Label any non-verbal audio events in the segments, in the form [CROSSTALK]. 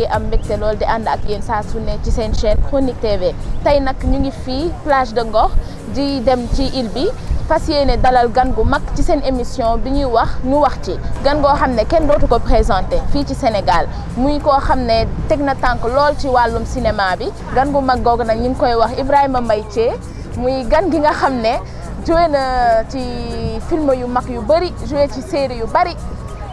ciy am mbégte lool di and chaîne Chronique TV Tay nak ñu ngi plage de Ngor di dem ci île bi fas dalal gan gu mag ci sen émission bi ñuy wax ñu wax ci gan ne kenn dootu ko présenté ci Sénégal muy ko na lool ci walum cinéma bi gan Ibrahima muy gan film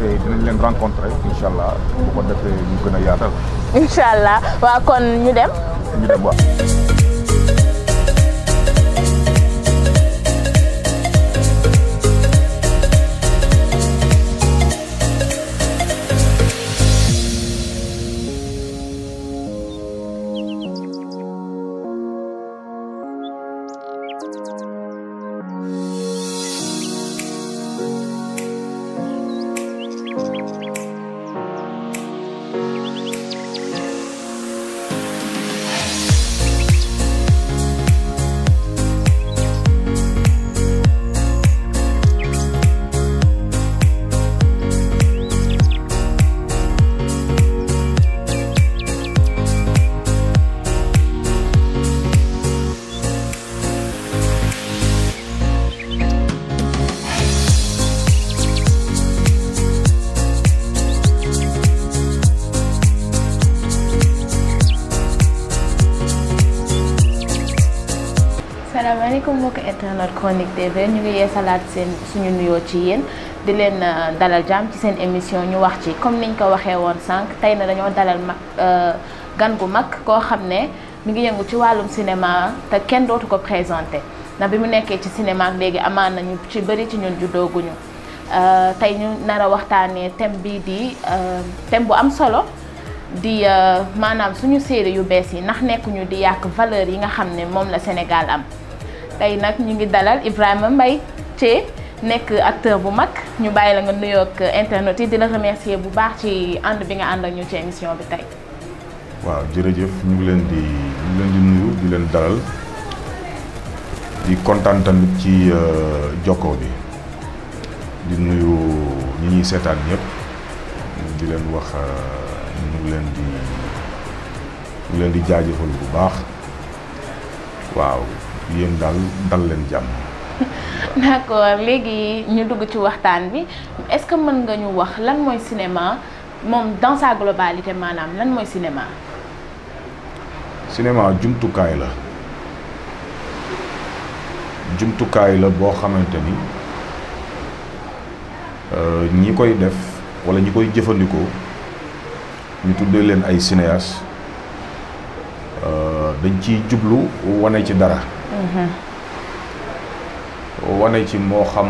defee dinañ leen rencontré incha allah bu ko ñu gën a yaatal. incha allah waa kon ñu dem. ñu dem waaw. internet Chronique TV ñu ngi yeesalaat seen suñu nuyoo ci yéen di leen euh, dalal jàmm seen émission ñu wax ci comme niñ ko waxee woon sànq tey na dañoo dalal mag euh, gan gu mag koo xam ne mi ngi yëngu ci wàllum cinéma te kenn dootu ko présenté ndax bi mu nekkee ci cinéma ak léegi amaan nañu ci bëri ci ñun juddooguñu euh, tey ñu nar a waxtaanee thème bii di thème bu am solo di maanaam suñu série yu bees yi ndax nekkuñu di yàq valeur yi nga xam ne moom la Sénégal am. tay nak ñu ngi dalal Ibrahima Mbaye Thié nek acteur bu mak ñu bàyyi la nga nuyoo ak internet yi di la remercier bu baax ci and bi nga and ak ñu ci émission bi tay waaw jërëjëf ñu ngi leen di ñu leen di nuyu di leen dalal di kontaan tamit ci euh, joko bi di nuyu ñi ñi sétane ñëpp di leen wax euh, ñu ngi leen di ñu leen di jaajëfal bu baax waaw yeen dal dal len jam d'accord legui ñu dugg ci waxtaan bi est-ce que mën nga ñu wax lan moy cinéma mom dans sa globalité manam lan moy cinéma cinéma kay la kay la bo xamanteni euh ñi koy def wala ñi koy jëfëndiko ñu tuddé len ay cinéaste euh, dañ ci jublu wane ci dara Mm-hmm. wane ci moo xam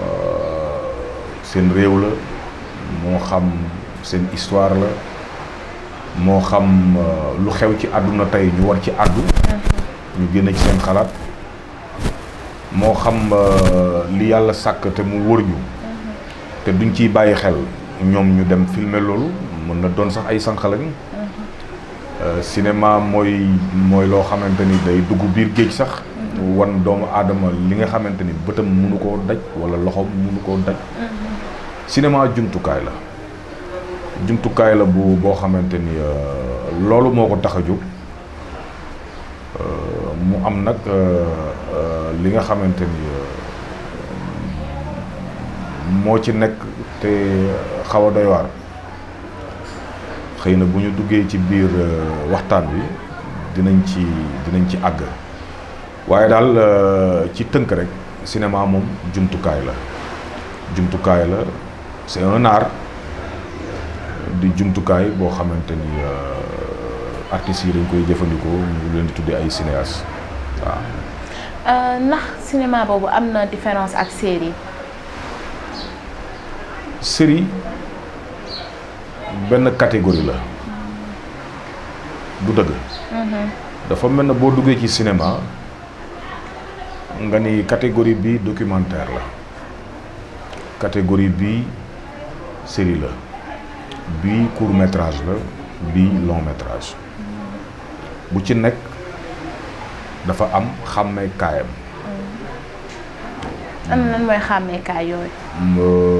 euh, seen réew la moo xam seen histoire la moo xam euh, lu xew ci àdduna tey ñu war ci àddu mm-hmm. ñu génne ci seen xalaat moo xam euh, li yàlla sàkk te mu wër ñu mm-hmm. te duñ ciy bàyyi xel ñoom ñu dem filmer loolu mën na doon sax ay sànq lañ Euh, cinéma mooy mooy loo xamante ni day dugg biir géej sax wan doomu aadama li nga xamante ni bëtam mënu koo daj wala loxoom mënu koo daj mm-hmm. cinéma jumtukaay la jumtukaay la bu boo xamante ni euh, loolu moo ko tax a jóg euh, mu am nag li nga xamante ni moo ci nekk te xaw a doy waar xëy na bu ñu duggee ci biir euh, waxtaan wi dinañ ci dinañ ci àgg waaye daal euh, ci tënk rek cinéma moom jumtukaay la jumtukaay la c'est un art di jumtukaay boo xamante ni euh, artistes yi dañ koy jëfandikoo ñu leen di tuddee ay cinéastes waaw. ndax cinéma boobu am na différence ak série. série. benn catégorie la du dëgg. Mm-hmm. dafa mel ne boo duggee ci cinéma nga ni catégorie bi documentaire la catégorie bi série la bi court métrage la bi long métrage bu ci nekk dafa am xàmmee mm-hmm. am na mooy xàmmee yooyu.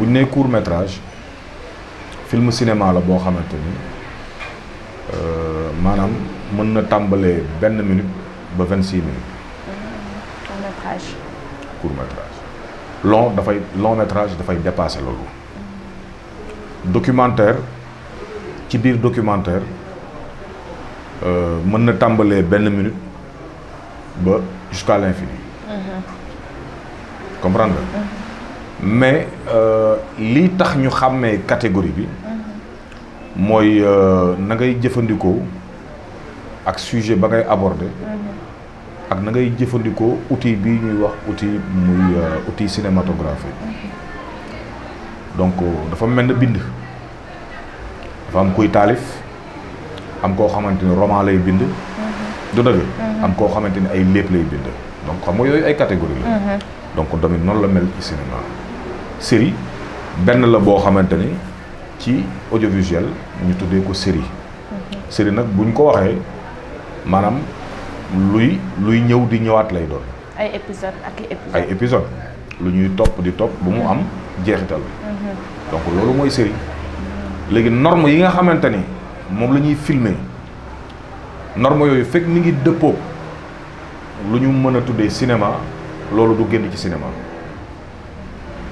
bu court métrage film cinéma la bo xamanteni euh manam mën na tambalé benn minute ba 26 minutes. court métrage. court métrage long dafay long métrage fay dépasser lolu. documentaire ci bir documentaire euh, mën na tambalé benn minute ba jusqu'à l'infini. Mhm. comprendre nga. Mhm mais euh, li tax ñu xamé catégorie bi mooy euh, na ngay jëfëndiko ak sujet ba ngay aborder ak na ngay jëfëndiko outil bi ñuy wax outil muy euh, outil cinématographique donc dafa mel na bind dafa am kuy talif am ko xamanteni roman lay bind du dëgg am ko xamanteni ay lépp lay bind donc xam nga yooyu ay catégorie la mhm. donc tamit non la mel ci cinéma série ben la bo xamanteni ci audiovisuel ñu tuddé ko série mhm. série nak buñ ko waxé manam luy luy ñew di ñewat lay doon ay épisode ak épisode ay épisode lu ñuy top di top, bu mu am jeexital mhm. donc lolu moy série légui norme yi nga xamanteni mom lañuy filmer norme yoyu fek mi ngi depo lu ñu mëna tuddé cinéma lolu du génn ci cinéma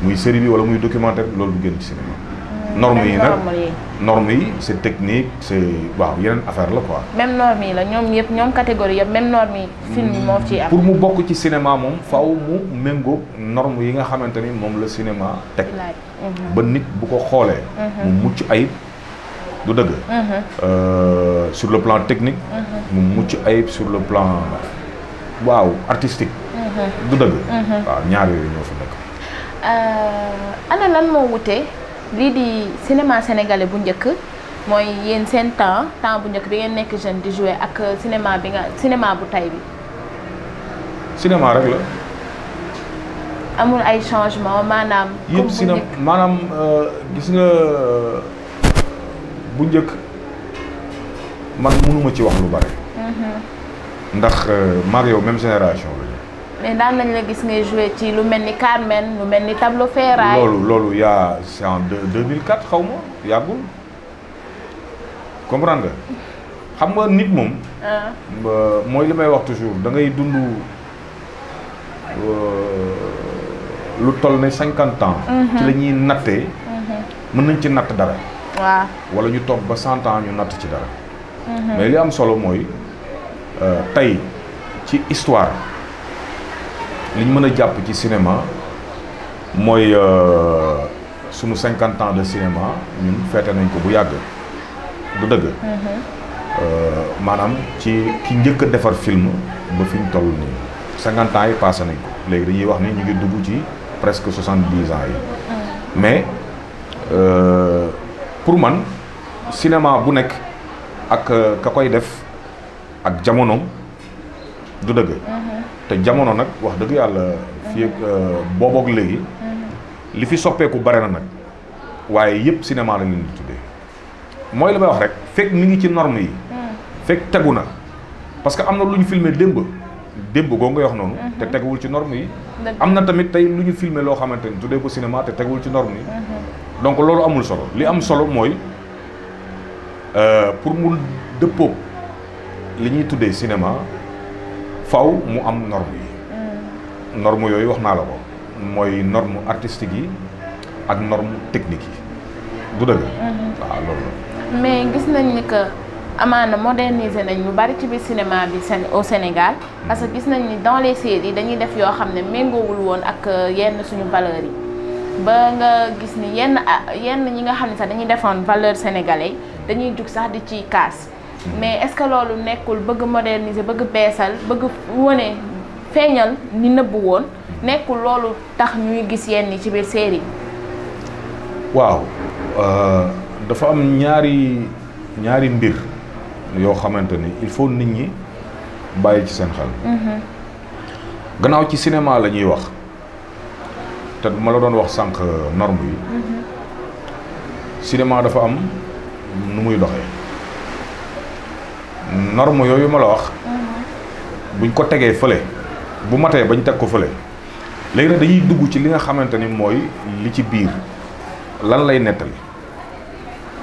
muy série bi wala muy documentaire bi loolu du génn ci cinéma. Hmm, normes yi nag normes yi c' est technique c' est waaw yeneen affaire la quoi. même normes yi la ñoom yëpp ñoom catégorie yëpp même normes yi. film yi moo ciy am pour mu bokk ci cinéma moom faaw mu méngóog normes yi nga xamante ni moom la cinéma teg. Mhm. ba nit bu ko xoolee. Mhm. mu mucc ayib du dëgg. Mhm. Euh, sur le plan technique. mu mucc ayib sur le plan waaw artistique. du dëgg. waaw ñaar yooyu ñoo fi nekk. Euh, ana lan moo wute lii di cinéma sénégalais bu njëkk mooy yéen seen temps temps bu njëkk bi ngeen nekk jeune di jouer ak cinéma bi nga cinéma bu tay bi. cinéma rek la. amul ay changement maanaam. comme bu maanaam euh, gis nga bu njëkk man mënuma ci wax lu bare. Mhm. ndax euh, maag yow même génération la. mais daan nañ la gis ngay jouer ci lu mel ni Carmen lu mel ni Tableau Ferraille. loolu loolu yaa c' est en deux mille quatre xaw ma yàggul comprendre nga xam nga nit moom. Ah. Euh, mooy li may wax toujours da ngay dund euh, lu toll ne de ans. Mhm. ci la ñuy nattee. Mhm. mën nañ ci natt dara. waaw wala ñu toog ba cent ans ñu natt ci dara. Mhm. mais li am solo de euh, tey ci histoire. li ñu mën a jàpp ci cinéma mooy euh, sunu cinquante ans de cinéma ñun feete nañ ko bu yàgg bu dëgg mm-hmm. euh, maanaam ci ki njëkk a defar film ba fi ñu toll nii cinquante ans yi passé nañ ko léegi dañuy wax ni ñu ngi dugg ci presque soixante dix ans yi mm-hmm. mais euh, pour man cinéma bu nekk ak euh, ka koy def ak jamonoom du dëgg mhm. te jamono nag wax dëgg yàlla fii ak mhm. euh, booboog léegi mhm. li fi soppeeku bare na nag waaye yëpp cinéma lañ leen di tuddee mooy la may wax rek fekk mi ngi ci norme yi fekk tegu na parce que am na lu ñu filmé démb démb goo ngay wax noonu te teguwul ci norme yi am na tamit tey lu ñu filmé loo xamante ni tuddee ko cinéma te teguwul ci norme yi donc loolu amul solo li am solo mooy euh, pour mu dëppoog li ñuy tuddee cinéma faw mu am norme yi mm. norme yooyu wax naa la ko mooy norm artistique yi ak norme technique yi du dëgg mm-hmm. waaw loolu la mais gis nañ ni que amaana moderniser nañ mu bari ci biir cinéma bi sen au Sénégal parce que gis nañ ni dans les séries dañuy def yoo xam ne méngoowul woon ak euh, yenn suñu valeurs yi ba nga gis ni yenn ah yenn ñi nga xam ne sax dañuy défendre valeur sénégalais dañuy jug sax di ci kaas mais est-ce que loolu nekkul bëgg moderniser bëgg beesal bëgg wone feeñal ni nëbbu woon nekkul loolu tax ñuy gis yenn ci biir série waaw euh, dafa am ñaari ñaari mbir yoo xamante ni il faut nit ñi bàyyi ci seen xel mm-hmm. gannaaw ci cinéma la ñuy wax te duma la doon wax sànq norme yi mm-hmm. cinéma dafa am nu muy doxee norme yooyu ma la wax mhm. buñ ko tegee fële bu matee bañ teg ko fële léegi nag dañuy dugg ci li nga xamante ni mooy li ci biir lan lay nettali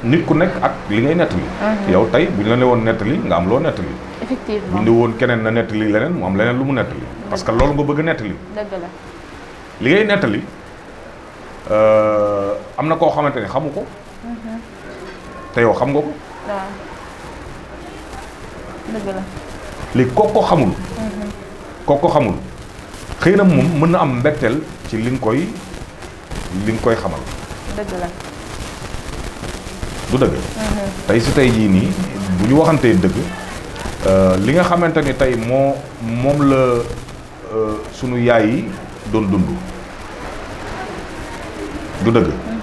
nit ku nekk ak li ngay nettali. Mhm. yow tey buñ la ne woon nettali nga am loo nettali. effectivement buñ la woon keneen na nettali leneen mu am leneen lu mu nettali. Mhm. parce que loolu nga bëgg a nettali. dëgg li ngay nettali euh, am na koo xamante ni xamu ko. te yow xam nga ko. dëgg kook ko xamul. Mhm. kooku ko xamul xëy na moom mën na am mbégteel ci li nga koy li nga koy xamal. dëgg du dëgg. Mhm. tey si tey jii nii bu ñu waxantee dëgg euh, li nga xamante ni tey moo moom la euh, sunu yaay yi doon dund. du dëgg mhm.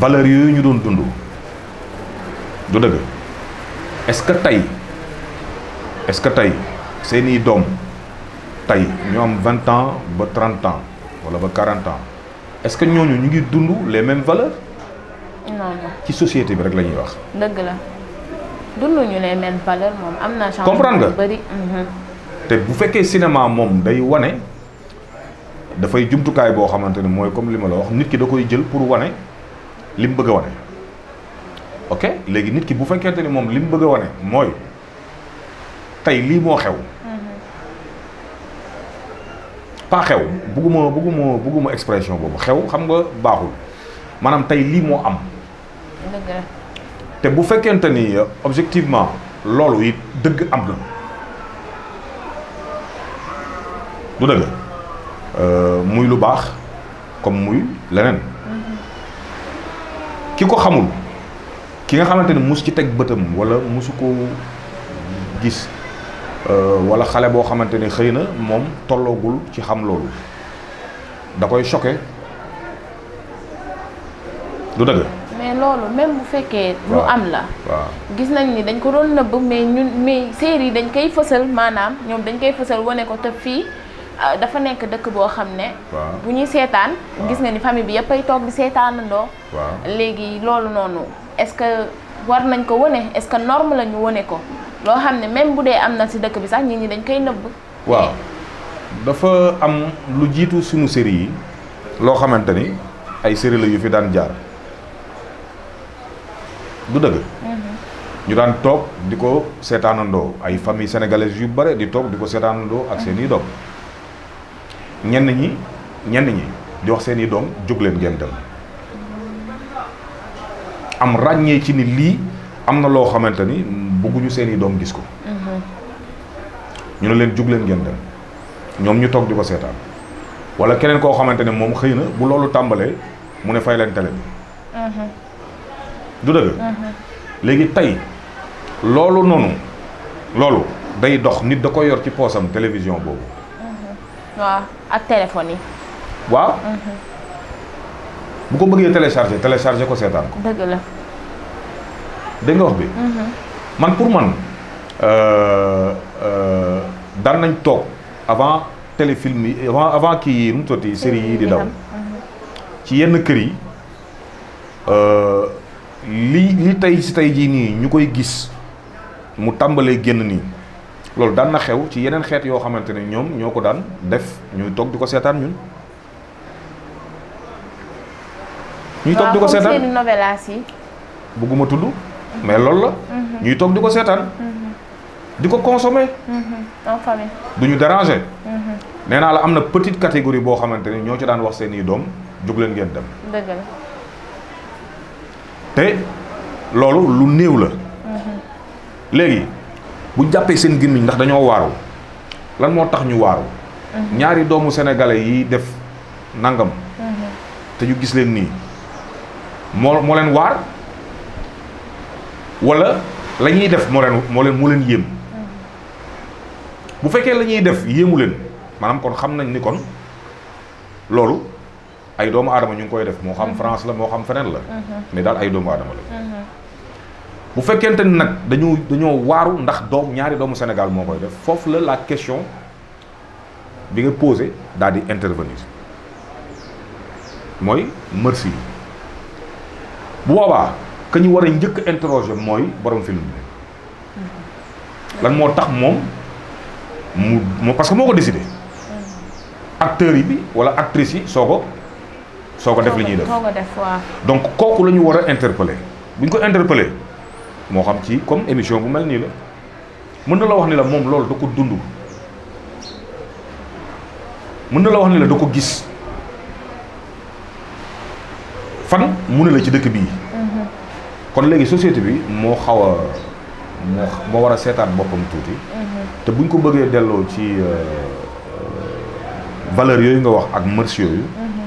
valeur yooyu ñu doon dund du dëgg est-ce que tey. est-ce que tay seeni doom ans ba ans wala ba ans est-ce que ñoñu ñu les mêmes valeurs. non non ci société bi rek la wax. les mêmes valeurs Tu comprends comprendre nga mhm. bu cinéma mom day da fay comme lima la wax nit ki da koy jël pour wone lim bëgg ok nit ki bu bëgg tey lii moo xew. pas xew bugguma bugguma bugguma expression boobu xew xam nga baaxul maanaam tey lii moo am. te bu fekkente ni objectivement loolu it dëgg am na. du dëgg euh, muy lu baax comme muy leneen. ki ko xamul ki nga xamante ni mus ci teg bëtam walla musu ko gis. Euh, wala xale boo xamante ne xëy na moom tolloogul ci xam loolu da koy choqué du dëgg. mais loolu même bu fekkee. lu am la. waaw gis nañ ni dañ ko doon nëbb mais ñun mais série dañ koy fësal maanaam ñoom dañ koy fësal wane ko te fii ah, dafa nekk dëkk boo xam ne. bu ñuy seetaan. gis nga ni famille bi yëpp ay toog di seetaanandoo. waaw léegi loolu noonu est-ce que war nañ ko wane est-ce que norme la ñu wane ko. lo xamne même boudé amna am si dëkk bi sax ñi ñi dañ koy neub waaw dafa am lu jitu sunu série lo xamanteni ay série la yu fi daan jaar du dëgg. Mhm. ñu daan tok di ko seetaanandoo ay famille sénégalaise yu bare di top, di ko seetaanandoo ak seen dom ñen ñi ñen ñi di wax seen dom jog leen gën dem am ragné ci ni li am lo xamanteni bëgguñu seen i doom gis ko. Mhm. ñu ne leen jug leen ngeen dem ñoom ñu toog di ko seetaan wala keneen koo xamante ne moom xëy na bu loolu tàmbalee mu ne fay leen télé bi. Mhm. du dëgg. Mhm. léegi tey loolu noonu loolu day dox nit da ko yor ci poosam télévision boobu. waaw ak téléphone yi. waaw. bu ko bëggee télécharger télécharger ko seetaan ko. dëgg la. dégg wax bi. man pour man euh euh dan nañ tok avant téléfilm avant avant ki nu toti série yi di daw ci yenn kër yi euh li li tay ci tay ji ni ñukoy gis mu tambalé genn ni loolu dan na xew ci yenen xet yo xamanteni ñom ñoko dan def ñuy tok diko sétan ñun ñuy toog di ko bëgguma tuddu mais lool la. Mhm. ñuy tok diko sétane diko mhm. di ko consommer. en famille. duñu ñu déranger. hmm néna la amna petite catégorie bo xamanteni ni ci daan wax seen i doom leen ngeen dem. deug la. té loolu lu néew la. Mhm. légui bu jappé seen gimmi ndax dañoo waru lan mo tax ñu waru ñaari doomu sénégalais yi def nangam. té ñu gis leen ni mo moo leen wala la ñuy def moo leen moo leen moo leen yéem bu fekkee lañuy ñuy def yéemu leen maanaam kon xam nañ ni kon loolu ay doomu aadama ñu ngi koy def moo xam mm-hmm. France la moo xam feneen la mm-hmm. mais daal ay doomu aadama la mm-hmm. bu fekkente ni nag dañu dañoo waaru ndax doom ñaari doomu Sénégal moo koy def foofu la la question bi nga posé daal di intervenir mooy merci bu boobaa que ñu wara ñëk interroger moy borom film bi lan mo tax mom mo parce que moko décider acteur yi bi wala actrice yi soko soko def li ñuy def donc koku lañu wara interpeller buñ ko interpeller mo xam ci comme émission bu mel nii la mën na la wax ni la mom lool da ko dundu mën na la wax ni la da ko gis fan mu ne la ci dëkk bii kon legi société bi mo xawa mo moo moo war a seetaan mhm. te buñ ko bëggee delloo ci euh, euh valeur yoy nga wax ak mœurs yoy mhm.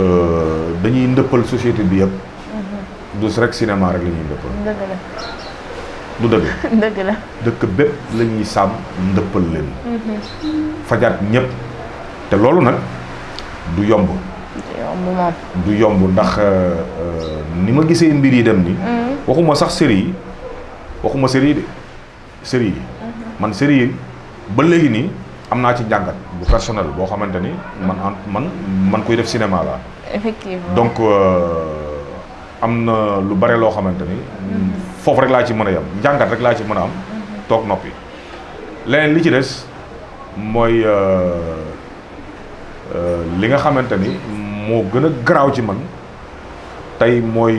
euh dañuy ndëppal société bi yëpp mhm. du rek cinéma rek la ñuy ndëppal du dëgg [LAUGHS] dëgg la dëkk bëpp lañuy sam sàmm ndëppal leen fajaat ñëpp te loolu nak du yomb du yomb ndax euh, euh, ni ma gisee mbir yi dem ni mm. waxuma sax série waxuma série de série mm-hmm. man série ba legui ni am ci jangat bu personnel bo xamanteni ni man man man koy def cinéma la effectivement donc euh, am lu bare lo xamanteni ni mm-hmm. rek la ci mën yam jangat rek la ci mën am mm-hmm. tok nopi leneen li ci euh euh li nga xamanteni ni mo gëna a ci man tay moy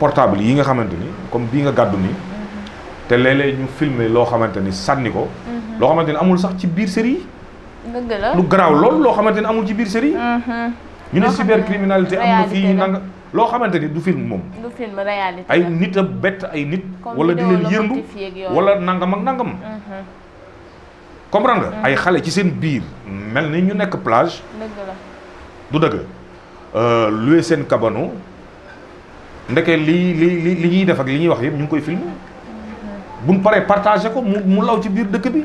portable yi nga xamanteni comme bi nga gaddu ni té lélé ñu filmé lo xamanteni sanni ko mm-hmm. lo xamanteni amul sax ci biir série dëgg la lu graw lool lo xamanteni amul ci biir série mm-hmm. ñu ne cybercriminalité am na fi nanga lo xamanteni du film mom du film réalité ay nit a bet ay nit wala di leen yëndu wala nangam ak nangam mm-hmm. comprendre nga ay xalé ci seen biir mel ñu nekk plage dëgg la du dëgg Euh, loué seen kabano ndeke li li li li ñuy def ak li ñuy wax yëpp ñu ngi koy bu mu paree partagé ko mu mu law ci biir dëkk bi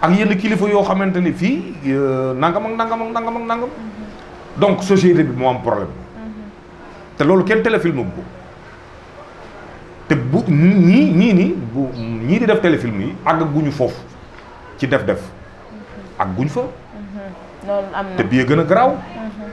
ak yenn kilifa yoo xamante ni fii euh, nangam ak nangam ak nangam donc société bi moo am problème te loolu kenn téléfilm bu te bu ñii ñii nii bu ñii di def téléfilm yi àgg ñu foofu ci def-def ak guñ fa. am na te bii gën a garaaw. Mhm.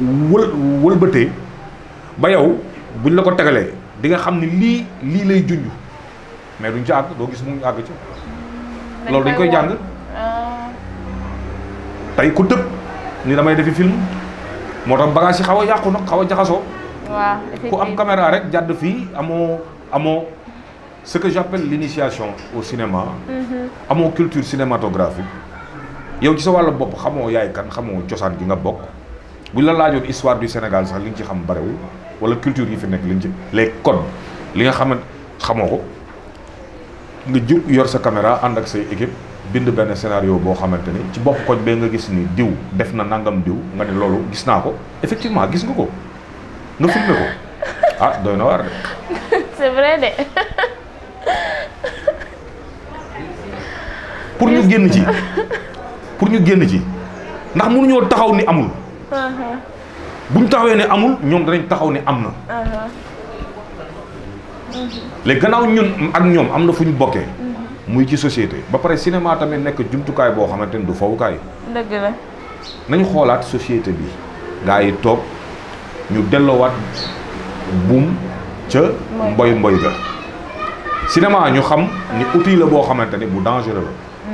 wul wëlbatee ba yow buñ la ko tégalé di nga xamni li li lay junj mais duñ ci àgg doo gis mu ag ci loolu dañ koy jang tay ah. ku tepp ni damay defi film motam bagage ci xawa yaqku nak xawa jaxaso ku am caméra rek jadd fi amo amo ce que j'appelle l'initiation au cinéma mhm. amo culture cinématographique yow ci sa walu bop xamoo yaay kan xamoo ciosan gi nga bok bu la laajoon histoire du Sénégal sax li nga ci xam barewul wala culture yi fi nekk li nga ci les li nga xam ne xamoo ko nga jub yor sa caméra ànd ak say équipe bind benn scénario boo xamante ni ci bopp koñ bee nga gis ni diw def na nangam diw nga ne loolu gis naa ko effectivement gis nga ko nga filmé ko [LAUGHS] ah doy na waar de. c'est de. pour ñu génn ci [LAUGHS] pour ñu génn ci ndax mënuñoo taxaw ni amul. Uh-huh. bu ñu taxawee ne amul ñoom danañ taxaw ni am na. Uh-huh. léegi gannaaw ñun ak ñoom am na fu ñu bokkee. Uh-huh. muy ci société ba pare cinéma tamit nekk jumtukaay boo xamante ni du fawukaay. dëgg nañu xoolaat société bi. gaa yi toog ñu delloowaat buum ca. mboy mboy ga cinéma ñu xam ni outil la boo xamante ni bu dangereux la.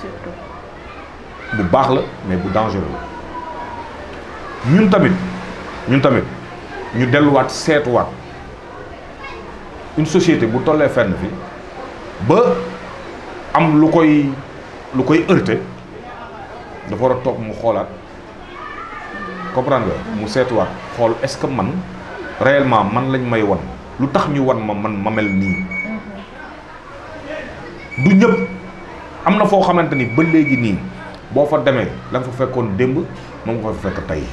surtout. bu baax la mais bu dangereux la. ñun tamit ñun tamit ñu delluwaat seetuwaat une société bu tollee fenn fi ba am lu koy lu koy heurté dafa war a toog mu xoolaat comprendre mu seetuwaat xool est-ce que man réellement man lañ may wan lu tax ñu wan ma man ma mel nii du ñëpp am na foo xamante ni ba léegi nii boo fa demee lañ nga fa fekkoon démb moom nga fa fekk tey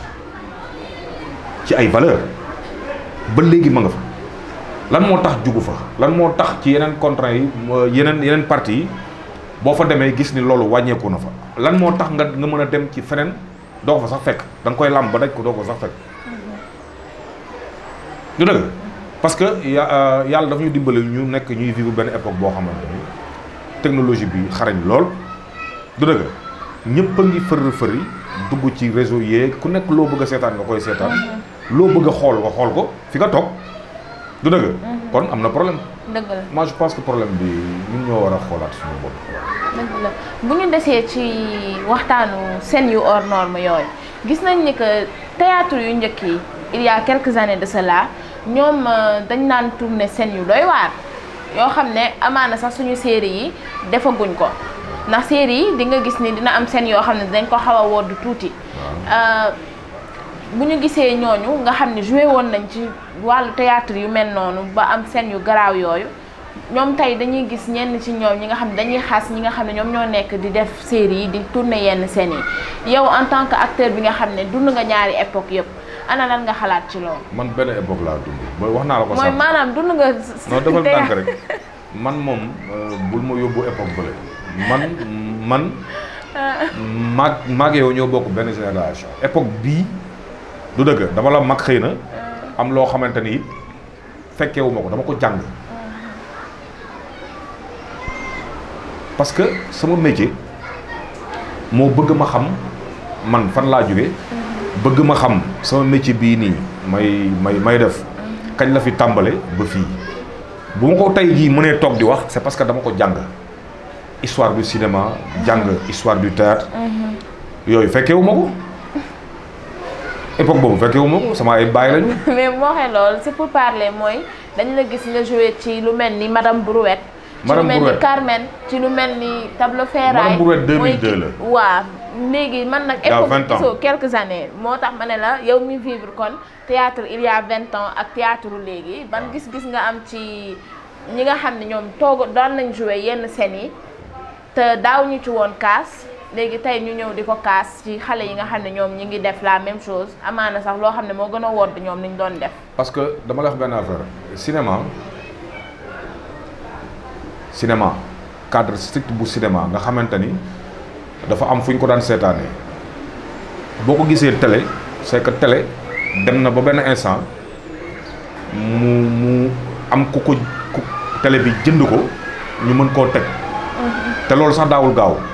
ci ay valeur ba léegi ma nga fa lan mo tax djugu fa lan mo tax ci yenen contrat yi yenen yeneen parti bo fa demee gis ni loolu ko na fa lan mo tax nga nga mën dem ci fenen doo ko fa sax fek dang koy lamb ba daj ko doo ko sax fek ñu deug parce que yalla euh, dafa ñu dimbalé ñu nek ñuy vivre ben époque bo xamanteni technologie bi xarañ lool du deug ñepp nga fi feur fëri dugg ci réseau yé ku nek lo bëgg sétane nga koy sétane loo bëgg xool nga xool ko fi nga toog du dëgg mhm. kon am na problème dëgg la moi je pense que problème bi ñun ñoo war a xoolaat suñu bopp dëgg la bu ñu desee ci waxtaanu scène yu hors norme yooyu gis nañ ni que théâtre yu njëkk yi il y a quelques années de cela ñoom euh, dañ naan tourner scène yu doy waar yoo xam ne amaana sax suñu série yi defaguñ ko ndax série yi di nga gis ni dina am scène yoo xam ne dañ ko xaw a wodd tuuti bu ñu gisee ñooñu nga xam ne joué woon nañ ci wàll théâtre yu mel noonu ba am scène yu garaaw yooyu ñoom tey dañuy gis ñenn ci ñoom ñi nga xam ne dañuy xas ñi nga xam ne ñoom ñoo nekk di def série yi di tourner yenn seen yi yow en tant que acteur bi nga xam ne dund nga ñaari époque yëpp ana nga xalaat ci loolu. man benn époque laa dund mooy wax naa la ko. mooy maanaam dund nga. noo defal tànk rek man moom euh, bul ma yóbbu époque bële man man. [LAUGHS] Ah. maag maag bokk benn génération époque bii. du dëgg dama la mag xëy na am loo xamante ni it fekkewu ko dama ko jàng parce que sama métier moo bëgg ma xam man fan laa jóge bëgg ma xam sama métier bii nii may may may def kañ la fi tàmbale ba fii bu ma ko tey jii mënee toog di wax c'est parce que dama ko jàng histoire du cinéma jàng histoire du théâtre mhm. yooyu fekkewu ma ko époque boobu fekkewu ma sama ay bay lañu. [LAUGHS] mais moo waxee loolu si pour parler moy dañ la gis nga jouer ci lu melni madame Brouette. madame Brouette Carmen ci lu melni Tableau Ferraille. madame Brouette 2002 la waaw. léegi man nak époque so quelques années motax mané la yow mi vivre kon théâtre il y a 20 ans ak théâtre légui ban gis-gis nga am ci ñi nga xamni ñom togo toog daan nañ jouer yenn scènes yi te daaw ñu ci won casse légui tay ñu ñëw diko kaas ci xalé yi nga xamné ñom ñi ngi def la même chose amana sax lo xamné mo gëna wor ñom niñ doon def. parce que dama la wax ben affaire cinéma cinéma cadre strict bu cinéma nga xamanteni dafa am fuñ ko daan sétané boko gisé télé c'est que télé dem na ba ben instant mu mu am ku ko télé bi jënd ko ñu mën ko tek mhm. té lool sax daawul gaaw.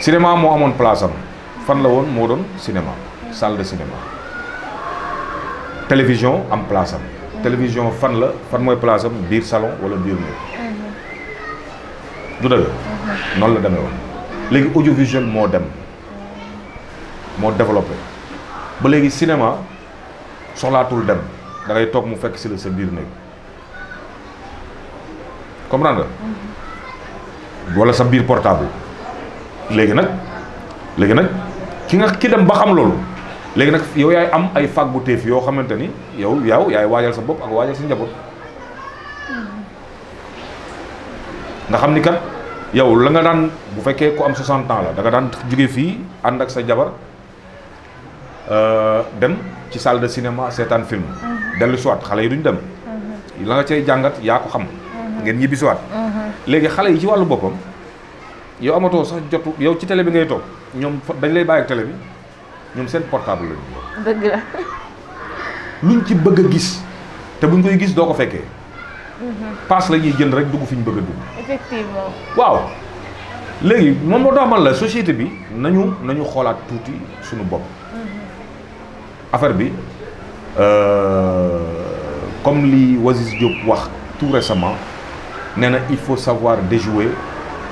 cinéma moo amoon place fan la woon moo doon cinéma salle de cinéma télévision am place am télévision fan la fan mooy place biir salon wala biir néeg du dëgg noonu la demee woon léegi audiovisuel moo dem moo développé ba léegi cinéma soxlaatul dem da toog mu fekk si la sa biir néeg comprendre wala sa biir portable léegi nak léegi nak ki nga ki dem ba xam lolu léegi nak yow yaay am ay fàggu yo yoo xamante yow yaw yaay wajal sa bop ak wajal sa njabot nga xam ni kat yow la nga dan bu fekke ku am 60 ans la da nga dan jugge fi and ak sa jabar euh, dem ci salle de cinéma film mhm. delu suat xalé yi duñ dem mhm. la nga cey jangat ya ko xam mhm. ngeen ñibbi siwaat léegi yi ci walu bopam yow amatoo sax jotu yow ci télé bi ngay toog ñoom dañ lay bàyyi ak télé bi ñoom seen portable la dëgg la. luñ ci bëgg a gis te buñ koy gis doo ko fekkee. Mhm. pass la ñuy jënd rek dugg fi ñu bëgg a dugg. effectivement. waaw léegi moom moo tax man la société bi nañu nañu xoolaat tuuti suñu bopp. Mhm. affaire bi euh, comme li Wasis Diop wax tout récemment nee na il faut savoir déjouer.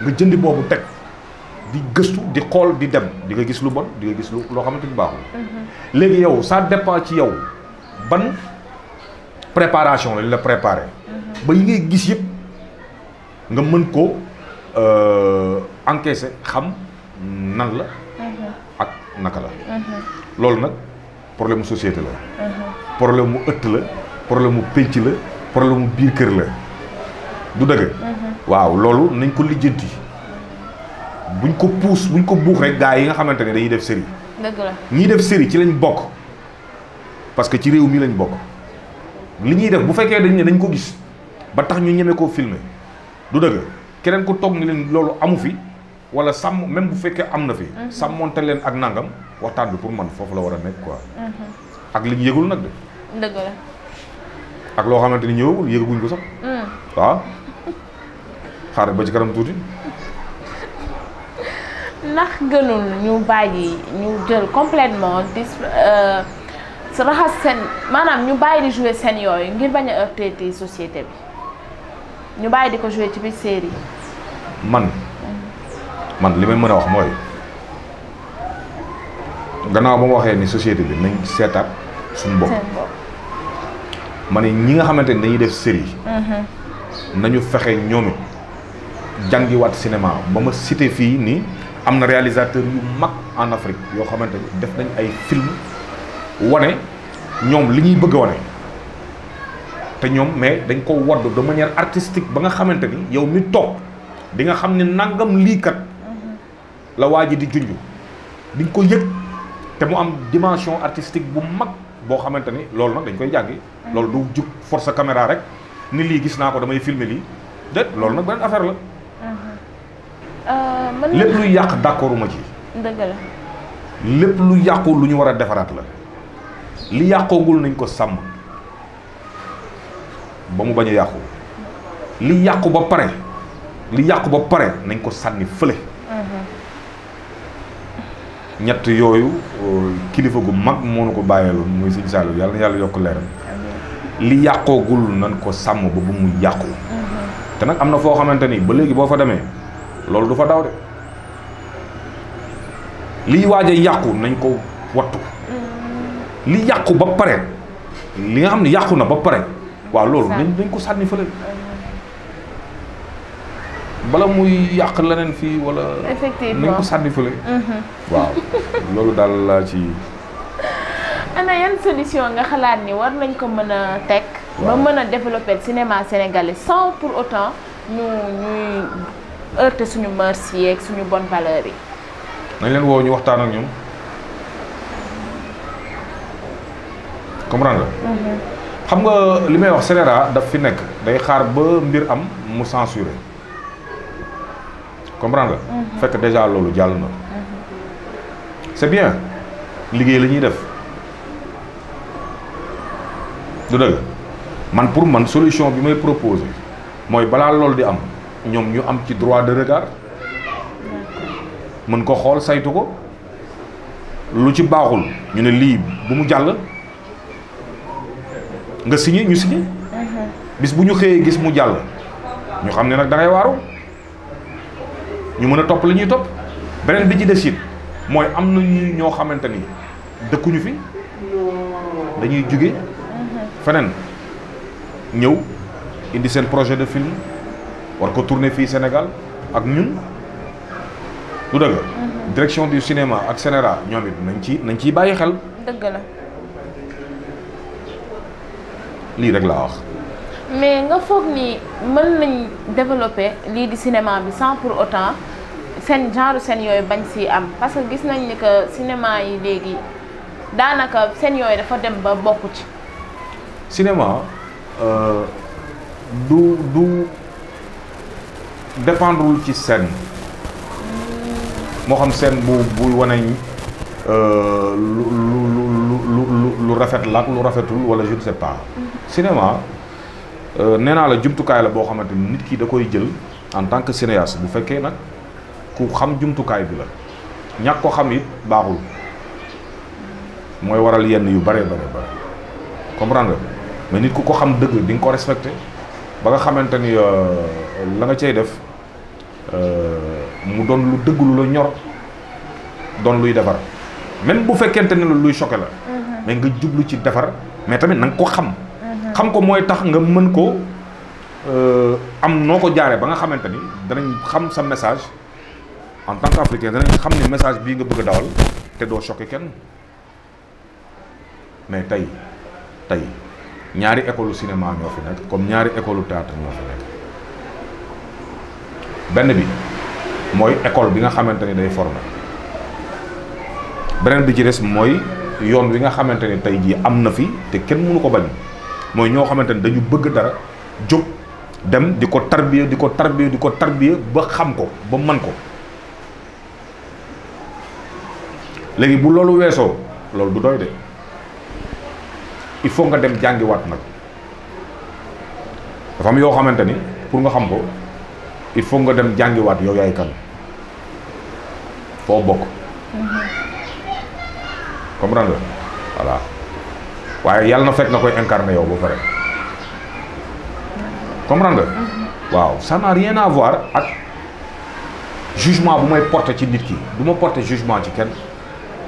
nga jëndi boobu teg di gëstu di xool di dem di nga gis lu bon di nga gis lu loo xamante ni baaxul. Mhm. léegi yow ça dépend ci yow ban préparation lañ la préparé. Mhm. ba yi ngay gis yëpp nga mën ko euh, encaisser xam nan la. Mhm. ak naka la. loolu nag problème mu société la. problème mu ëtt la problème mu pénc la problème mu biir kër la. du deug mhm. waaw lolu nañ ko lijeenti buñ ko pousse buñ ko buux rek gaay yi nga xamantene dañuy def série deug la ñi def série ci lañ bok parce que ci réew mi lañ bok li ñi def bu fekkee dañ ne dañ ko gis ba tax ñu ñëmé ko filmer du deug keneen ko tok ni len lolu amu fi wala sam même bu fekkee am na fi mhm. sàmmonte len ak nangam waxtaan bi pour man fofu la wara nek quoi mhm. ak li ñu nak nag de dëgg la ak lo xamanteni ñewul ñëwagul ko sax waaw ah. xaaral ba ci kanam tuuti. ndax gënul ñu bàyyi ñu jël complètement dis euh, raxas seen maanaam ñu bàyyi di jouer seen yooyu ngir bañ a heurter société bi ñu bàyyi di ko jouer ci biir série man man li may mën a wax mooy gannaaw ba ma waxee ni société bi nañ seetaat suñu bopp ma ne ñi nga xamante ni dañuy def série mm-hmm. nañu fexe ñoom it jangi wat cinéma bama cité fi ni amna réalisateur yu mag en Afrique yo xamanteni def nañ ay film woné ñom li ñuy bëgg woné té ñom mais dañ ko wod de manière artistique ba nga xamanteni yow mi top di nga xamni nangam li kat la waji di junju di ko yek té mu am dimension artistique bu mag bo xamanteni lool nak dañ koy jaggi mm-hmm. lool du juk force caméra rek ni li gis nako damay filmer li det lool nak ben affaire la Euh, lépp lu yàq d'accordu ma ci. dëgg lépp lu yàqu lu ñu war a defaraat la li yàqoogul nañ ko sàmm ba mu bañ yàqu li yàqu ba pare li yàqu ba pare nañ ko sànni fële. Mm-hmm. ñett yooyu kilifa gu mag moo nu ko bàyyeeloon muy sëñ Saliou yàlla yàlla yokk leeram li yàqoogul nañ ko sàmm ba bu mu yàqu. Mm-hmm. te nag am na foo xamante ni ba léegi boo fa demee. loolu du fa daw de liy waaj yàqu nañ ko wattu li yàqu ba pare li nga xam ne yàqu na ba pare waaw loolu nañ ko sànni bala muy yàq leneen fii wala effectivement nañ ko mhm. waaw loolu daal laa ci ana yan solution nga xalaat ni war nañ ko mën a teg ba mën a développer cinéma sénégalais sans pour autant ñu ñuy heurter suñu mœurs suñu bonne valeur yi. nañ leen woo ñu waxtaan ak ñoom. comprendre nga. Mhm. xam nga li may wax scélérat daf fi nekk day xaar ba mbir am mu censuré comprendre nga. Mhm. fekk déjà loolu jàll na. Mhm. c'est bien liggéey la ñuy def du dëgg man pour man solution bi may proposer mooy balaa loolu di am. ñom ñu am ci droit de regard mën ko xol saytu ko lu ci baxul ñu ne li bu mu jall nga signé ñu signé bis bu ñu xeye gis mu jall ñu xam nak da ngay waru ñu mëna top li ñuy top benen bi ci décide moy amna ñu ño xamanteni ni fi dañuy juggé mhm. fenen ñew indi sen projet de film war ko tourner fii Sénégal ak ñun du dëgg direction du cinéma ak Sénéra ñoom it nañ ci nañ ciy bàyyi xel dëgg la lii rek laa wax mais nga foog ni mën nañ développer lii di cinéma bi sans pour autant seen genre seen yooyu bañ si am parce que gis nañ ni que cinéma yi léegi daanaka seen yooyu dafa dem ba bokku ci cinéma euh, du du dépendre wul ci scène mo xam scène bu bu euh lu lu lu lu rafet la lu rafetul wala je ne sais pas. cinéma euh naa la kay la bo xamanteni nit ki da koy jël en tant que cinéaste bu fekkee nak ku xam kay bi la ñak ko xam it baaxul moy waral yenn yu bare bare bare comprendre mais nit ku ko xam deug di ko respecter ba nga xamanteni euh la nga cey def. Euh, mu don lu dëgg lu la ñor don luy defar même bu fekkente ne luy choqué la mhm. mais nga djublu ci defar mais tamit nang ko xam mhm. xam ko moy tax nga mën ko euh, am noko jare ba nga xamanteni dañ danañ xam sa message en tant qu'africain danañ xam ni message bi nga bëgg dawal té do choqué kenn mais tay tay ñaari école cinéma ñofi nak comme ñaari école théâtre ñofi nak benn bi mooy école bi nga xamante ni day former beneen bi ci des mooy yoon wi nga xamante ni tey jii am na fi te kenn mënu ko bañ mooy ñoo xamante ni dañu bëgg dara jóg dem di ko tarbiya di ko tarbiya di ko tarbiya ba xam ko ba man ko léegi bu loolu weesoo loolu du doy de il faut nga dem jàngiwaat nag dafa am yoo xamante ni pour nga xam ko il faut nga dem jàngiwaat yow yaay kan foo bokk comprendre nga voilà waaye yàlla na fekk na koy incarné yow ba pare comprendre nga waaw ça n'a rien à ak jugement bu may porté ci nit ki du ma porté jugement ci kenn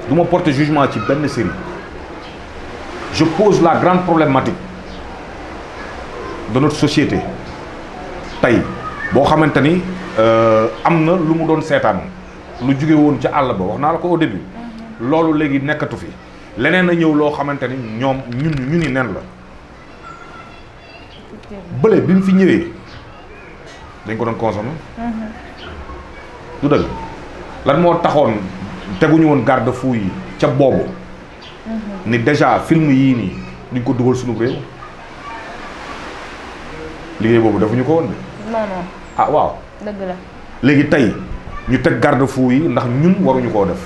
du ma porté jugement ci benn série je pose la grande problématique de notre société tey boo xamante ni euh, am na lu mu doon seetaan lu juge woon ca àll ba wax naa la ko au bi mm-hmm. loolu léegi nekkatu fi leneen a ñëw loo xamante ni ñoom ñun ñu ni nen la bële bi mu fi ñëwee dañ ko doon consommé mm-hmm. du dëgg lan moo taxoon teguñu woon garde fou yi ca boobu mm-hmm. ni déjà film yii nii duñ ko dugal sunu réew liggéey boobu defuñu ko woon de ah waaw. dëgg la léegi tey ñu teg garde-fou yi ndax ñun waruñu koo def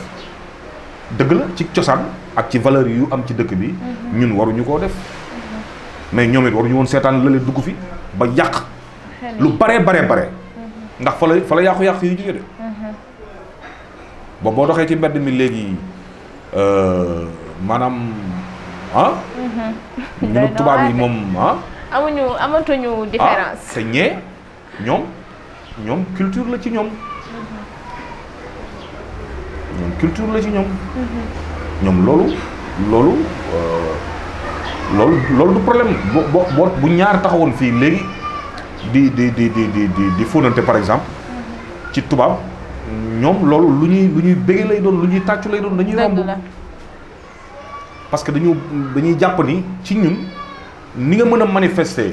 dëgg la ci cosaan ak ci valeur yu am ci dëkk bi. Mhm. ñun waruñu koo def. Mhm. mais ñoom waruñu woon seetaan lële dugg fi ba yàq. lu baree baree bare mhm. ndax fa la fa la yàqu-yàq yi jóge de. ba boo doxee ci mbedd mi léegi euh, maanaam ah. ñu tubaab yi moom ah. amuñu amatuñu ah, différence. te ñoom. ñoom culture la ci ñoom. ñoom culture la ci ñoom. ñoom loolu loolu euh, loolu loolu du problème boo boo bu ñaar taxawoon fii léegi di di di di di di di fóonante par exemple ci tubaab ñoom loolu lu ñuy lu ñuy bëgg lay doon lu ñuy tàccu lay doon dañuy romb parce que dañu dañuy jàpp ni ci ñun ni nga mën a manifester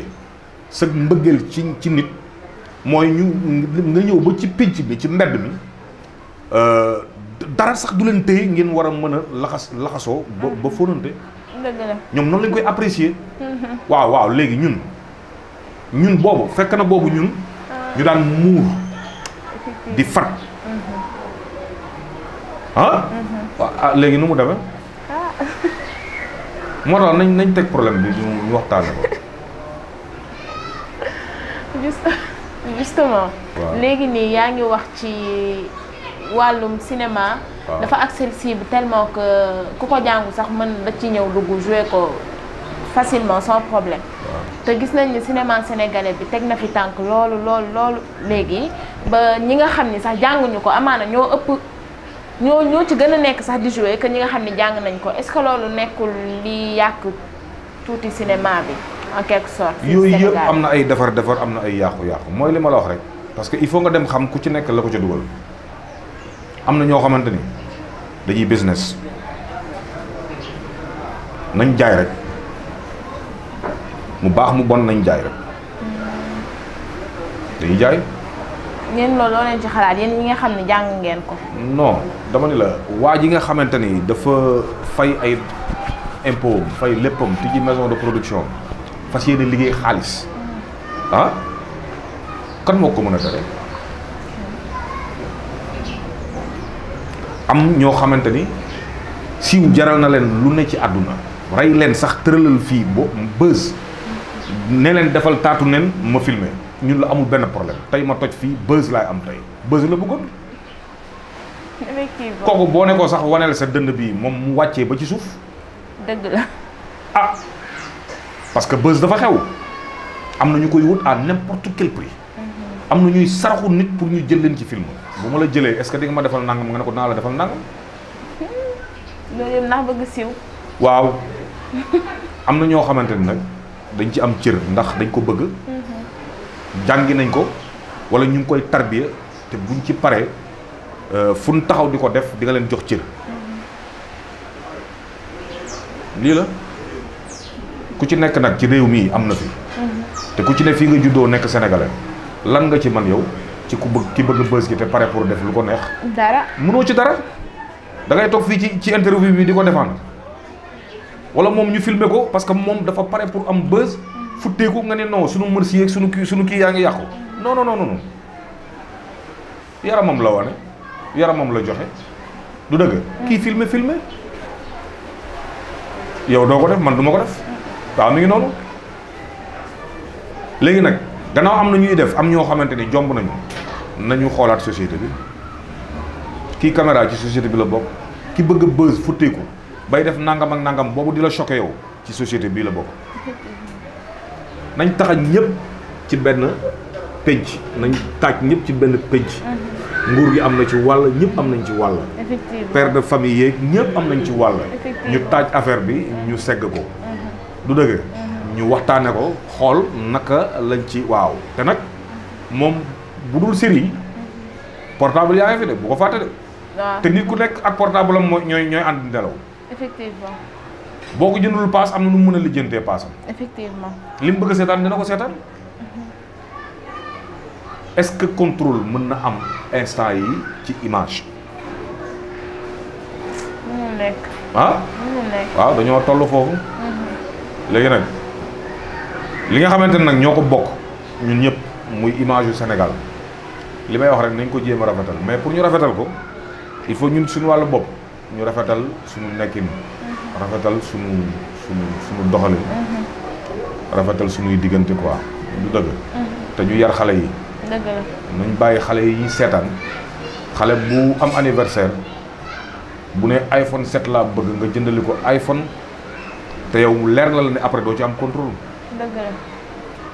sa mbëggeel ci ci nit moy ñu nga ñew ba ci pénc bi ci mbedd mi euh, dara sax du leen tey ngeen wara mëna laxas laxaso ba fonante ñom non lañ koy apprécier mm-hmm. waaw waaw légui ñun ñun bobu fekk na bobu ñun ah. ñu daan muur di fat mm-hmm. ah mm-hmm. waaw ah, nu mu dafa ah. mo tax nañ nañ tek problème bi ñu waxtaan ko [LAUGHS] justement léegi nii yaa ngi wax ci wàllum cinéma. dafa accessible tellement que ku ko jàngu sax mën da ci ñëw dugg jouer ko facilement sans problème. te gis nañ ni cinéma sénégalais bi teg na fi tànk loolu loolu loolu léegi ba ñi nga xam ni sax jànguñu ko amaana ñoo ëpp ñoo ñoo ci gën a nekk sax di jouer que ñi nga xam ni jàng nañ ko est-ce que loolu nekkul li yàq tuuti cinéma bi. en quelque yooyu yëpp am na ay defar defar am na ay yàqu-yàqu mooy li ma la wax rek parce que il faut nga dem xam ku ci nekk la ko ca dugal am na ñoo xamante ni dañuy business nañ jaay rek mu baax mu bon nañ jaay rek jaay. ngeen loolu loo leen nga xam ne jàng ngeen ko. non dama la waa ji nga xamante ni dafa fay ay impôt fay léppam tijji maison de production fas yéene liggéey xaalis ah? kan moo ko mën a tere am ñoo xamante ni siiw jaral na leen lu ne ci àdduna rey leen sax tëralal fii bo bës ne leen defal taatu nen ma filmer ñun la amul benn problème tey ma toj fii bës laay am tey bës la bëggoon kooku boo ne ko sax waneel sa dënd bi moom mu wàccee ba ci suuf dëgg la ah, parce que buzz dafa xew am na ñu koy wut à n'importe quel prix. Mhm. am na ñuy saraxu nit pour ñu jël leen ci film bu ma la jëlee est-ce que di nga ma defal nangam nga ne ko naa la defal nangam. loolu yëpp ndax bëgg siiw. waaw am na ñoo xamante ni nag dañ ci am cër ndax dañ ko bëgg. Mhm. jàngi nañ ko wala ñu ngi koy tarbiya te buñ ci pare euh, fu ñu taxaw di ko def di nga leen jox cër. Mhm. lii la. ku ci nekk nag ci réew mii am na fi te ku ci ne fii nga juddoo nekk sénégalais lan nga ci man yow ci ku bëgg ki bëgg bës gi te pare pour def lu ko neex dara mënoo ci dara da ngay fii ci ci interview bi di ko defaan wala moom ñu filmer ko parce que moom dafa pare pour am bës futteeku nga ne non suñu merci yeeg suñu kii suñu kii yaa ngi yàqu non non non non yaramam la wane yaramam la joxe du dëgg kii filmer filmer yow doo ko def man du ko def waaw mi ngi noonu léegi nag gannaaw am na ñuy def am ñoo xamante ni jomb nañu nañu xoolaat société bi kii caméra ci société bi la bokk ki bëgg a futteeku bay def nangam ak nangam boobu di la choqué yow ci société bii la bokk nañ taxañ ñëpp ci benn penc nañ taaj ñëpp ci benn penc mhm. nguur gi am na ci wàll ñëpp am nañ ci wàll père de famille yeeg ñëpp am nañ ci wàll ñu taaj affaire bi ñu segg ko du deug ñu waxtane ko xol naka lañ ci waw té nak mom budul série portable yaay fi dé bu ko faté dé té nit ku nek ak portable am ñoy ñoy and ndelaw effectivement boko jëndul pass amna nu mëna lijeenté pass am effectivement lim bëgg sétane dina ko sétane mhm. est-ce que contrôle mëna am instant yi ci image mënul nek ah mënul nek waaw dañoo tollu fofu léegi nag li nga xamante ne nag ñoo ko bokk ñun ñëpp muy image yu Sénégal li may wax rek nañ ko jéem a rafetal mais pour ñu rafetal ko il faut ñun suñu wàllu bopp ñu rafetal suñu nekkin rafetal suñu suñu suñu doxalin mhm. rafetal suñuy diggante quoi du dëgg mhm. te ñu yar xale yi dëgg nañ bàyyi xale yi ñu seetaan xale bu am anniversaire bu ne iPhone 7 laa bëgg nga jëndali ko iPhone te yow leer la la ne après do ci am contrôle. deug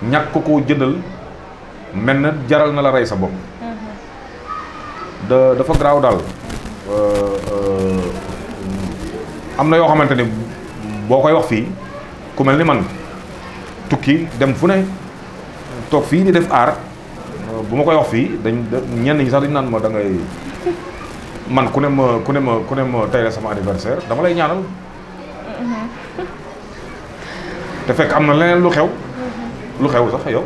la. ñak ko ko jëndal mel na jaral na la ray sa bopp. Mhm. da dafa graw dal mhm. euh euh amna yo xamanteni bokay wax fi ku melni man tukki dem fu ne tok fi di def ar euh, buma koy wax fi dañ ñen ñi sax dañ nan ma da ngay man ku ne ma ku ne ma ku ne ma tayle sama anniversaire dama lay ñaanal. te fekk am na leneen lu xew. Mhm. lu xew sax yow.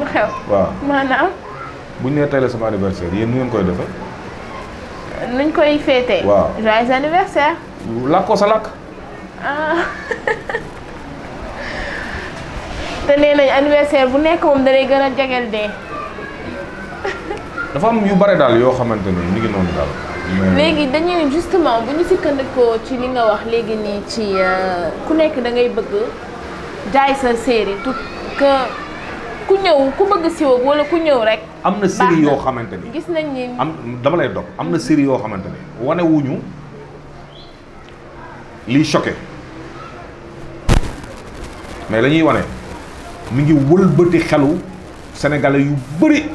lu xew. waaw maanaam. bu ñu nee tey la sama anniversaire yéen nu ngeen koy defee. nuñ koy féetee. waaw joyeux anniversaire. làkkoo sa làkk. Ah. [LAUGHS] te nee nañ anniversaire bu nekk moom danay gën a jegel dee. [LAUGHS] dafa am yu bare daal yoo xamante ni ñu ngi noonu daal. léegi dañuy justement bu ñu sikkandikoo ci li nga wax léegi nii ci euh, ku nekk da ngay bëgg jaay sa série tout que ku ñëw ku bëgg siwo wala ku ñëw rek. am na série yoo xamante ni gis nañ ni am dama lay dog am na mm-hmm. série yoo xamante ni wane wuñu liy choqué mais la wane mu ngi wëlbati xelu sénégalais yu bëri.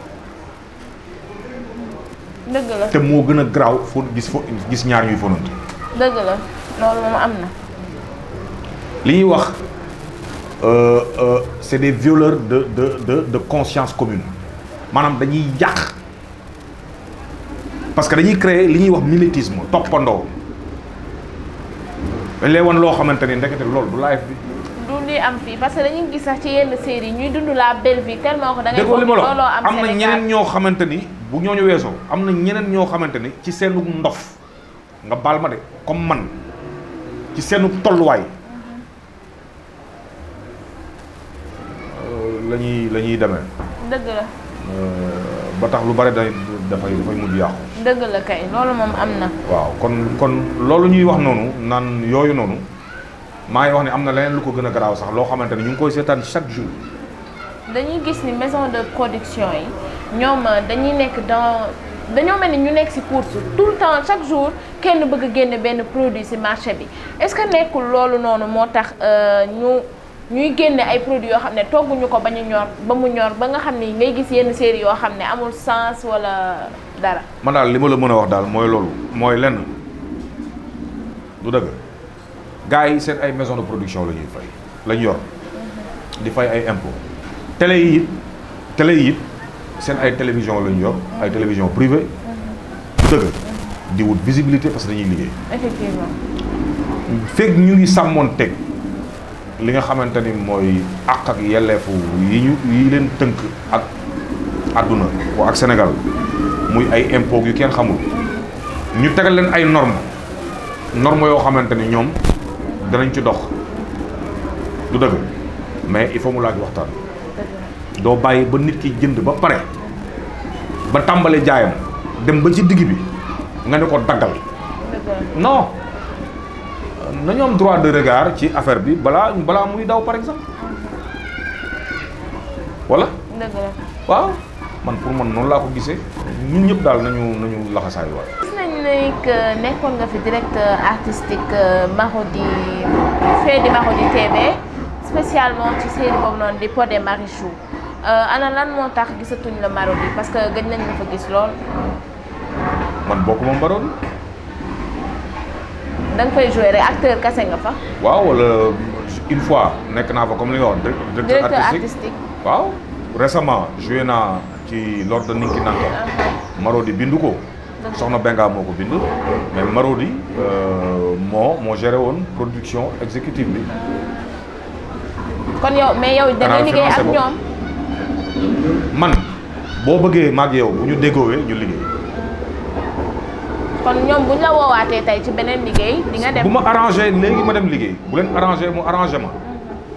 dëgg la te moo gën a garaaw foo gis fo gis ñaar ñuy fonante. dëgg la loolu moom am na. li ñuy wax euh, euh, c'est des violeurs de de de de conscience commune maanaam dañuy yàq parce que dañuy créer li ñuy wax mimétisme toppandoo dañ lay wan loo xamante ni ndekete loolu du live bi. am fii parce que dañuy gis sax ci yenn série ñuy dund la belle vie tellement ko da ngay foog looloo am am na ñeneen ñoo xamante ni bu ñooñu weesoo am na ñeneen ñoo xamante ni ci seenu ndof nga baal ma de comme man ci seenu tolluwaay euh, lañuy lañuy demee dëgg la euh, ba tax lu bari day dafay dafay mujj yàqu dëgg la kay loolu moom am waaw kon kon loolu ñuy wax noonu naan yooyu noonu maa ngi wax ne am na leneen lu ko gën a garaaw sax loo xamante ne ñu ngi koy seetaan chaque jour. dañuy gis ni maison de production yi ñoom euh, dañuy nekk dans dañoo mel ni ñu nekk ci course tout le temps chaque jour kenn bëgg a génne benn produit ci marché bi est-ce que nekkul loolu noonu moo tax euh, ñu ñuy génne ay produits yoo xam ne togguñu ko ba ñu ñor ba mu ñor ba nga xam ni ngay gis yenn série yoo xam ne amul sens walla dara. man daal li ma la mën a wax daal mooy loolu mooy lenn gars yi seen ay maison de production la ñuy fay lañ yor di fay ay impôt télé yi it télé yi seen ay télévision la ñu yor ay télévision privée dëgg di wut visibilité parce que dañuy liggéey. effectivement. fekk ñu ngi sàmmoon teg li nga xamante ni mooy àq ak yelleefu yi ñu yi leen tënk ak àdduna ko ak Sénégal muy ay impôts yu kenn xamul ñu tegal leen ay normes normes yoo xamante ni ñoom. danañ ci dox du dëgg mais il faut mu laaj waxtaan doo bàyyi ba nit ki jënd ba pare ba tàmbale jaayam dem ba ci digg bi nga ne ko daggal non nañu am droit de regard ci affaire bi balaa balaa muy daw par exemple wala waaw man pour man noonu laa ko gisee ñun ñëpp daal nañu nañu laxasaayu waay. gis nañ ne que euh, nekkoon nga fi directeur artistique euh, Marodi fait de Marodi TV spécialement ci série boobu noonu di Pod et Marichou euh, ana lan moo tax gisatuñ la Marodi parce que gëj nañ la fa gis lool. man bokuma Marodi. dang fay jouer rek acteur kase nga fa. waaw wala une fois nek naa fa comme li nga wax directeur artistique waaw récemment joué na ci l'ordre ninki nanka marodi bindu ko soxna benga moko bindu mais marodi euh, mo mo géré won production exécutive bi kon yow mais yow da ngay liggéey ak ñom man bo bëggé mag yow bu ñu déggowé ñu liggéey kon ñom buñ la wowaté tay ci benen liggéey di nga dem buma arranger légui ma dem liggéey bu len arranger mu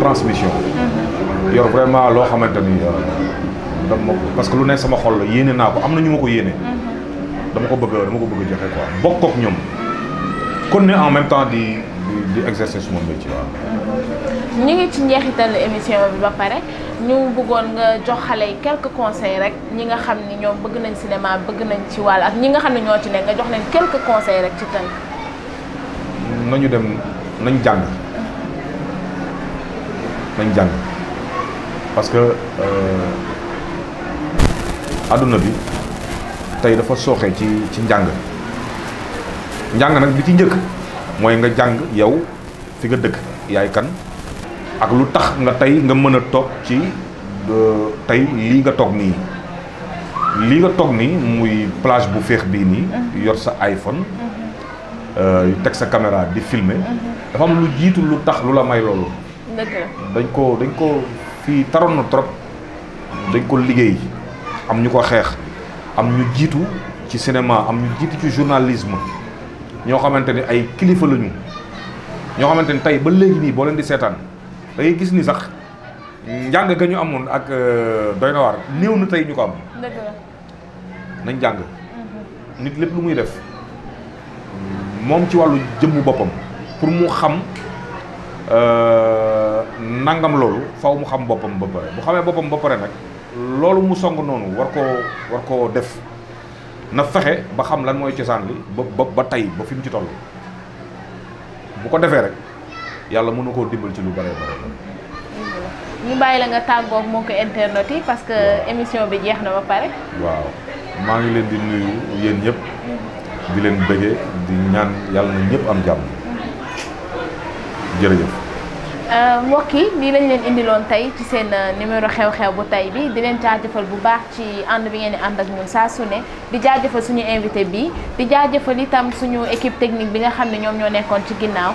transmission. yor vraiment loo xamante ni euh, dama parce que lu ne sama xol la yéene naa ko am na ñu ma ko yéene. dama ko bëgg dama ko bëgg joxe quoi bokk ak ñoom. kon ne en même temps di di exercer suma métier waaw. ñu ngi ci njeexital émission bi ba pare. ñu bëggoon nga jox xale yi quelques conseils rek ñi nga xam ni ñoom bëgg nañ cinéma bëgg nañ ci wàll ak ñi nga xam ne ñoo nga jox leen quelques conseils rek ci tënk. nañu dem nañ jàng. nañ jàng parce que aduna euh, bi tay dafa soxé ci ci jang jang nak bi ci ñëk moy nga jang yow fi nga dëkk yaay kan ak lu tax nga tay nga mëna tok ci euh, tay li nga tok ni li nga tok ni muy plage bu féex bi ni mhm. yor sa iphone mhm. euh, tek sa caméra di filmer mhm. dafa am lu jitu lu tax lu la may loolu dëgg la dañ ko dañ ko fii taroon na trop dañ ko liggéey am ñu ko xeex am ñu jiitu ci cinéma am ñu jiitu ci journalisme ñoo xamante ay kilifa lañu ñoo xamante ni ba léegi nii boo leen di seetaan da ngay gis ni sax njàng ga ñu amoon ak euh, doy na waar néew na tey ñu ko am nañ jàng mhm. nit lépp lu muy def moom ci wàllu jëmmu boppam pour mu xam Euh, nangam lolu faw mu xam bopam ba pare bu xame bopam ba pare nak lolu mu song nonu war ko war ko def na fexé ba xam lan moy ciosan li ba ba tay ba fim ci tollu bu ko defé rek yalla mënu koo dimbal ci lu bare bare ñu bàyyi la nga tàggoog mo ko internet yi parce que émission bi jeex na ba pare waaw ma ngi leen di nuyu yeen ñep di leen di ñaan yalla na am jamm jërëjëf. Euh, mbokk yi nii lañ leen indiloon tey ci seen euh, numéro xew-xew bu tey bi di leen jëfal bu baax ci ànd bi ngeen di ànd ak ñun saa su ne di jaajëfal suñu invité bi di jaajëfal itam suñu équipe technique bi nga xam ne ñoom ñoo nekkoon ci ginnaaw